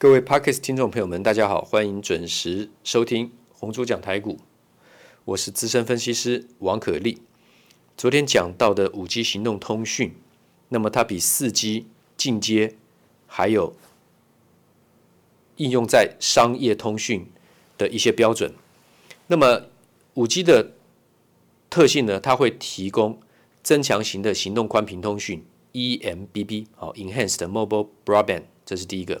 各位 Podcast 聽眾朋友們，大家好，歡迎準時收聽紅豬講台股。我是資深分析師王可立。昨天講到的五 G 行動通訊，那麼它比四 G 進階，還有應用在商業通訊的一些標準。那麼五 G 的特性呢？它會提供增強型的行動寬頻通訊 （EMBB），好，Enhanced Mobile Broadband，這是第一個。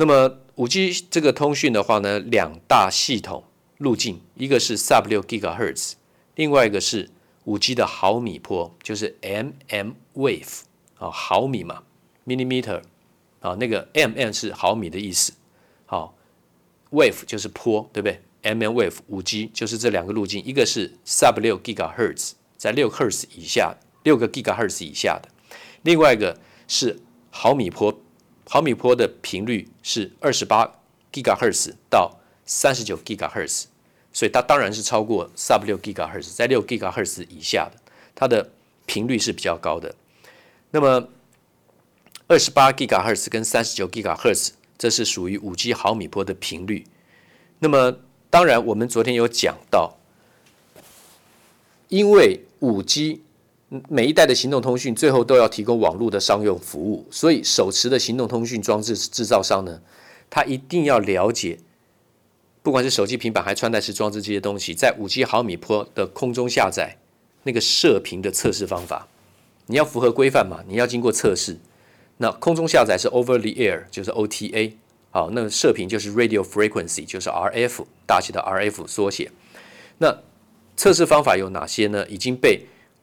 那麼五 G 這個通訊的話呢，兩大系統路徑，一個是 Sub 6 GHz，另外一個是五 G 的毫米波，就是 mmWave 啊、哦，毫米嘛，millimeter 啊、哦，那個 mm 是毫米的意思，好、哦，wave 就是波，對不對？mmWave 五 G 就是這兩個路徑，一個是 Sub 六 GHz，在六赫茲以下，六個 GHz 以下的，另外一個是毫米波。毫米波的頻率是二十八 GHz 到三十九 GHz，所以它當然是超過 sub 6 GHz 在六 GHz 以下的，它的頻率是比較高的。那麼二十八 GHz 跟三十九 GHz 這是屬於五 G 毫米波的頻率。那麼當然，我們昨天有講到，因為五 G。每一代的行動通訊最後都要提供網絡的商用服務，所以手持的行動通訊裝置製造商呢，他一定要了解，不管是手機、平板還是穿戴式裝置這些東西，在五 G 毫米波的空中下載那個射頻的測試方法，你要符合規範嘛，你要經過測試。那空中下載是 Over the Air，就是 OTA。好，那射頻就是 Radio Frequency，就是 RF 大寫的 RF 縮寫。那測試方法有哪些呢？已經被。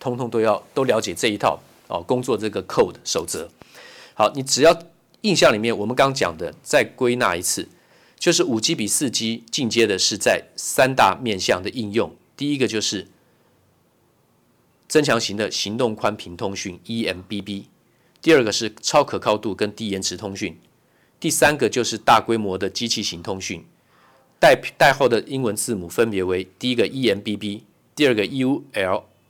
通通都要都了解這一套哦，工作這個 code 守則。好，你只要印象裡面，我們剛講的再歸納一次，就是五 G 比四 G 進階的是在三大面向的應用。第一個就是增強型的行動寬頻通訊 （EMBB），第二個是超可靠度跟低延遲通訊，第三個就是大規模的機器型通訊。代代號的英文字母分別為：第一個 EMBB，第二個 UL。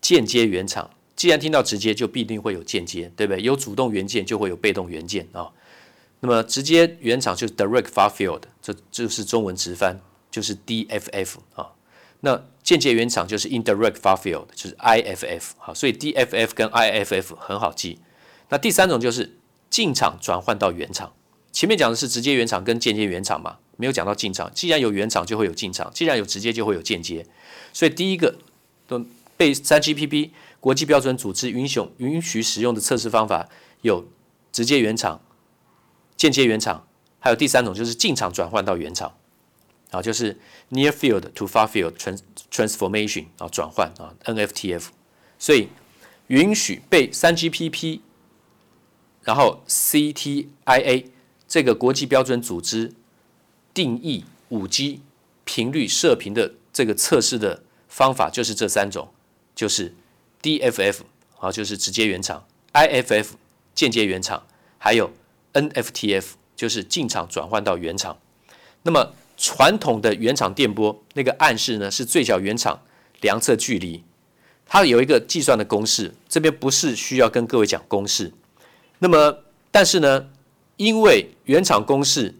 間接遠場，既然聽到直接，就必定會有間接，對不對？有主動元件就會有被動元件啊、哦。那麼直接遠場就是 direct far field，這就是中文直翻，就是 DFF 啊、哦。那間接遠場就是 indirect far field，就是 IFF 好。所以 DFF 跟 IFF 很好記。那第三種就是近場轉換到遠場。前面講的是直接遠場跟間接遠場嘛，沒有講到近場。既然有遠場，就會有近場；既然有直接，就會有間接。所以第一個都。被 3GPP 國際標準組織允許允許使用的測試方法有直接遠場、間接遠場，還有第三種就是近場轉換到遠場。啊，就是 near field to far field trans transformation 啊轉換啊 NFTF。所以允許被 3GPP 然後 CTIA 這個國際標準組織定義 5G 頻率射頻的這個測試的方法就是這三種。就是 DFF，啊，就是直接原廠；IFF，間接原廠；還有 NFTF，就是近場轉換到原廠。那麼傳統的原廠電波那個暗示呢，是最小原廠量測距離，它有一個計算的公式。這邊不是需要跟各位講公式。那麼，但是呢，因為原廠公式。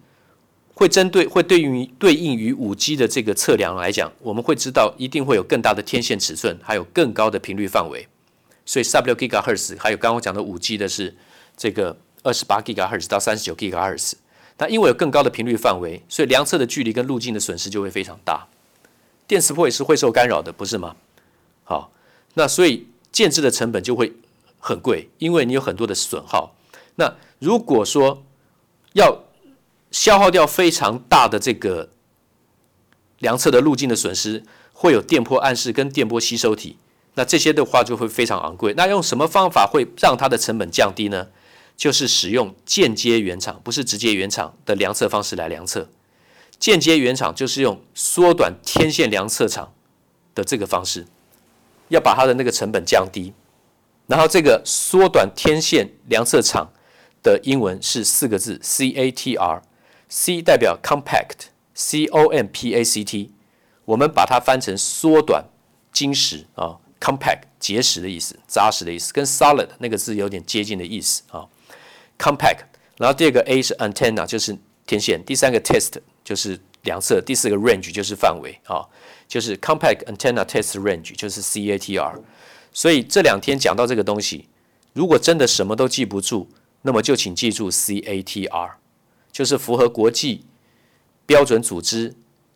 會針對會對應於對應於五 G 的這個測量來講，我們會知道一定會有更大的天線尺寸，還有更高的頻率範圍。所以，三十六吉赫茲，還有剛剛我講的五 G 的是這個二十八吉赫茲到三十九吉赫茲。那因為有更高的頻率範圍，所以量測的距離跟路徑的損失就會非常大。電磁波也是會受干擾的，不是嗎？好，那所以建置的成本就會很貴，因為你有很多的損耗。那如果說要消耗掉非常大的這個量測的路徑的損失，會有電波暗室跟電波吸收體，那這些的話就會非常昂貴。那用什麼方法會讓它的成本降低呢？就是使用間接遠場，不是直接遠場的量測方式來量測。間接遠場就是用縮短天線量測場的這個方式，要把它的那個成本降低。然後這個縮短天線量測場的英文是四個字：C A T R。C 代表 compact，C-O-M-P-A-C-T，我們把它翻成縮短、精實啊，compact 結實的意思，扎實的意思，跟 solid 那個字有點接近的意思啊、uh,，compact。然後第二個 A 是 antenna，就是天線；第三個 test 就是量測；第四個 range 就是範圍啊，uh, 就是 compact antenna test range 就是 C A T R。所以這兩天講到這個東西，如果真的什麼都記不住，那麼就請記住 C A T R。就是符合國際標準組織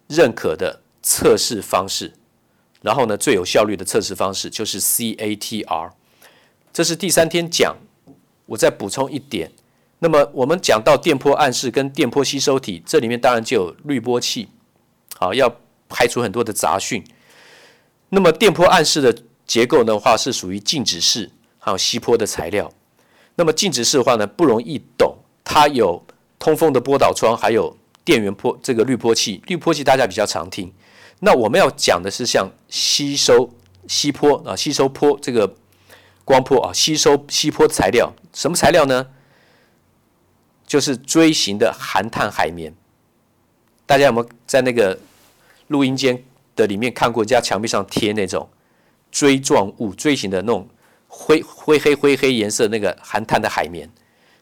認可的測試方式，然後呢，最有效率的測試方式就是 CATR。這是第三天講，我再補充一點。那麼我們講到電波暗室跟電波吸收體，這裡面當然就有濾波器，好，要排除很多的雜訊。那麼電波暗室的結構的話，是屬於靜止式還有吸波的材料。那麼靜止式的話呢，不容易懂，它有。通風的波導窗，還有電源波這個濾波器，濾波器大家比較常聽。那我們要講的是像吸收吸波啊，吸收波這個光波啊，吸收吸波材料，什麼材料呢？就是錐形的含碳海綿。大家有沒有在那個錄音間的裡面看過，人家牆壁上貼那種錐狀物、錐形的那種灰灰黑灰黑顏色那個含碳的海綿？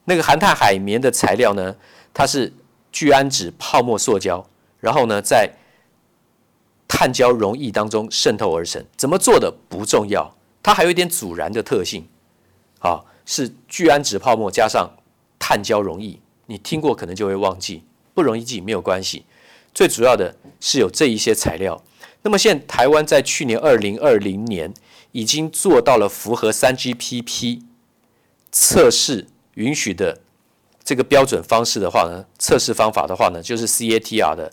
那個含碳海綿的材料呢，它是聚氨酯泡沫塑膠，然後呢，在碳膠溶液當中滲透而成。怎麼做的不重要，它還有一點阻燃的特性。啊，是聚氨酯泡沫加上碳膠溶液。你聽過可能就會忘記，不容易記，沒有關係。最主要的是有這一些材料。那麼現在台灣在去年二零二零年已經做到了符合三 GPP 測試。嗯允許的這個標準方式的話呢，測試方法的話呢，就是 CATR 的。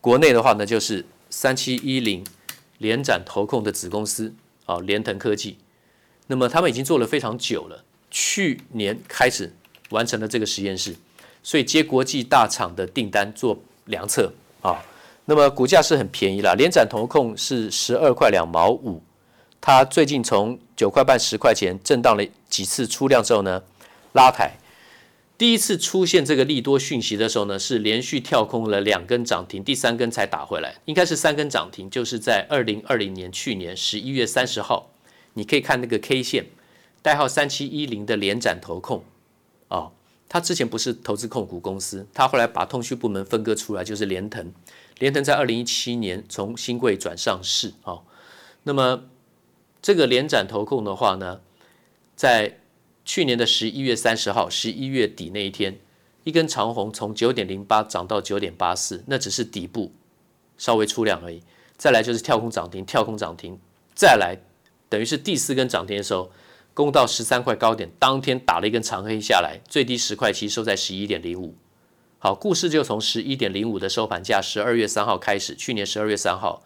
國內的話呢，就是三七一零聯展投控的子公司啊，聯騰科技。那麼他們已經做了非常久了，去年開始完成了這個實驗室，所以接國際大廠的訂單做量測啊。那麼股價是很便宜啦，聯展投控是十二塊兩毛五，它最近從九塊半、十塊錢震盪了幾次出量之後呢，拉抬，第一次出現這個利多訊息的時候呢，是連續跳空了兩根漲停，第三根才打回來，應該是三根漲停，就是在二零二零年去年十一月三十號，你可以看那個 K 線，代號三七一零的連展投控，哦，他之前不是投資控股公司，他後來把通訊部門分割出來，就是連騰，連騰在二零一七年從興櫃轉上市，哦，那麼這個連展投控的話呢，在去年的十一月三十號，十一月底那一天，一根長紅從九點零八漲到九點八四，那只是底部稍微出量而已。再來就是跳空漲停、跳空漲停。再來，等於是第四根漲停的時候，攻到十三塊高點，當天打了一根長黑下來，最低十塊，其實收在十一點零五。好，故事就從十一點零五的收盤價，十二月三號開始，去年十二月三號，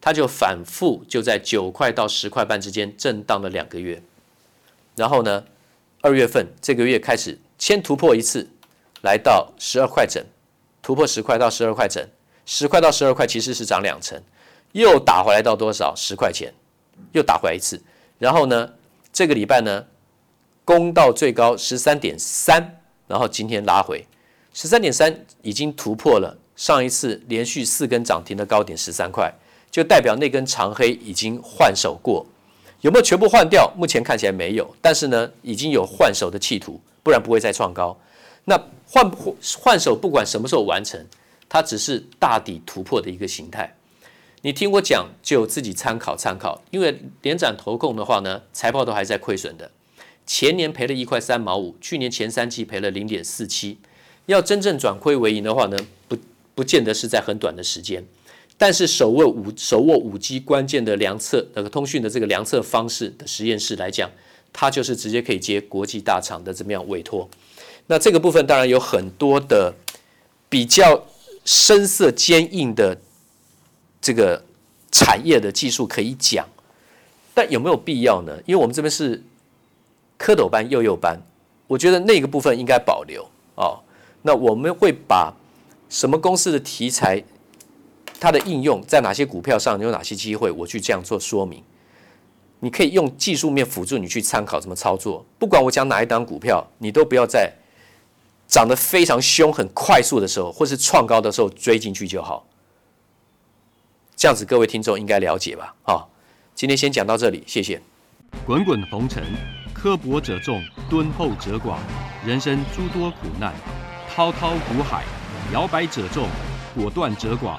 它就反覆就在九塊到十塊半之間震盪了兩個月，然後呢？二月份這個月開始，先突破一次，來到十二塊整，突破十塊到十二塊整，十塊到十二塊其實是漲兩成，又打回來到多少？十塊錢，又打回來一次。然後呢，這個禮拜呢，攻到最高十三點三，然後今天拉回十三點三，已經突破了上一次連續四根漲停的高點十三塊，就代表那根長黑已經換手過。有沒有全部換掉？目前看起來沒有，但是呢，已經有換手的企圖，不然不會再創高。那換不換手，不管什麼時候完成，它只是大底突破的一個形態。你聽我講，就自己參考參考。因為連展投控的話呢，財報都還在虧損的，前年賠了一塊三毛五，去年前三季賠了零點四七。要真正轉虧為盈的話呢，不不見得是在很短的時間。但是手握五手握五 G 關鍵的量測，那個通訊的這個量測方式的實驗室來講，它就是直接可以接國際大廠的怎麼樣委託？那這個部分當然有很多的比較深色堅硬的這個產業的技術可以講，但有沒有必要呢？因為我們這邊是蝌蚪班幼幼班，我覺得那個部分應該保留哦。那我們會把什麼公司的題材？它的應用在哪些股票上？有哪些機會？我去這樣做說明，你可以用技術面輔助你去參考怎麼操作。不管我講哪一檔股票，你都不要在漲得非常凶、很快速的時候，或是創高的時候追進去就好。這樣子，各位聽眾應該了解吧？好，今天先講到這裡，謝謝。滾滾紅塵，刻薄者眾，敦厚者寡；人生諸多苦難，滔滔苦海，搖擺者眾，果斷者寡。